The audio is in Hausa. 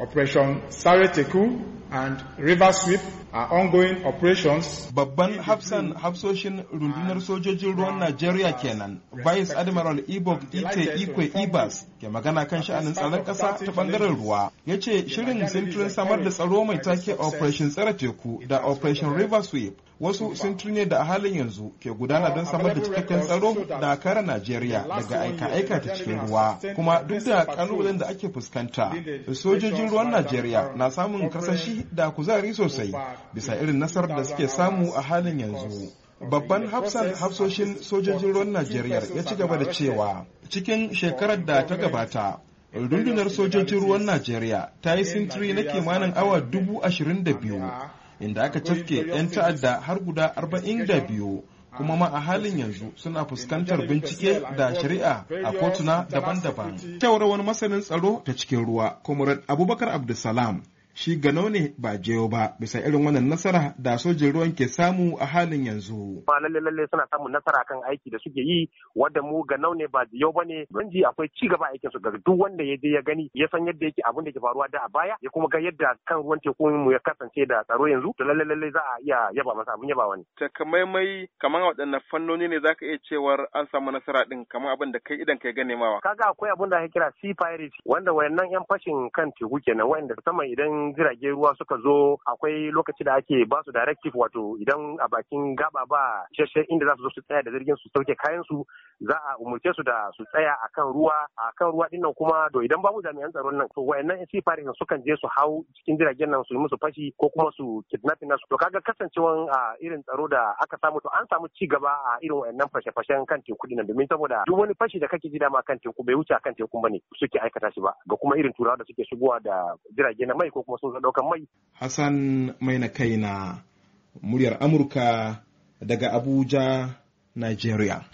Operation Sareteku and river sweep are ongoing operations. Babban hafsan hafsoshin rundunar sojojin ruwan Najeriya kenan, Vice Admiral Ibok Ite Ikwe Ibas ke magana kan sha'anin tsaron ƙasa ta bangaren ruwa. Ya ce shirin sintirin samar da tsaro mai take Operation Tsare Teku da Operation River Sweep wasu sintiri ne da a halin yanzu ke gudana don samar da cikakken tsaro da kare Najeriya daga aika-aika ta cikin ruwa. Kuma duk da kalubalen da ake fuskanta, sojojin ruwan Najeriya na samun karsashi da kuzari sosai bisa irin nasarar da suke samu a halin yanzu. Babban hafsan hafsoshin sojojin ruwan Najeriya ya ci gaba da cewa cikin shekarar da ta gabata rundunar sojojin ruwan Najeriya ta yi sintiri na kimanin awa dubu ashirin da biyu inda aka cafke 'yan ta'adda har guda arba'in da biyu kuma ma a halin yanzu suna fuskantar bincike da shari'a a kotuna daban-daban. taura wani masanin tsaro ta cikin ruwa, Comrade Abubakar Abdulsalam shi ganau ne ba jeyo ba bisa irin wannan nasara da sojin ruwan ke samu a halin yanzu. Ba lalle lalle suna samun nasara kan aiki da suke yi wadda mu ganau ne ba jeyo ba ne don ji akwai ci gaba aikin su ga duk wanda ya je ya gani ya san yadda yake abin da ke faruwa da a baya ya kuma ga yadda kan ruwan tekun mu ya kasance da tsaro yanzu to lalle lalle za a iya yaba masa abin yaba wani. Takamaimai kamar waɗanne fannoni ne zaka iya cewar an samu nasara din kamar abin da kai idan kai gane mawa. Kaga akwai abin da ake kira sea piracy wanda wayannan yan fashin kan teku kenan wayanda musamman idan jiragen ruwa suka zo akwai lokaci da ake ba su directive wato idan a bakin gaba ba shashen inda za su zo su tsaya da jirgin su sauke kayan su za a umurce su da su tsaya akan ruwa akan ruwa din kuma to idan babu jami'an tsaron nan to wayannan su sukan je su hau cikin jiragen nan su yi musu fashi ko kuma su kidnapping nasu to kaga kasancewan a irin tsaro da aka samu to an samu ci gaba a irin wayannan fashe-fashen kan teku din domin saboda duk wani fashi da kake ji dama kan teku bai wuce kan teku bane suke aikata shi ba ga kuma irin turawa da suke shigowa da jirage na mai ko kuma sun zaɗo kan mai. Hassan mai na kai na muryar Amurka daga Abuja, Nigeria.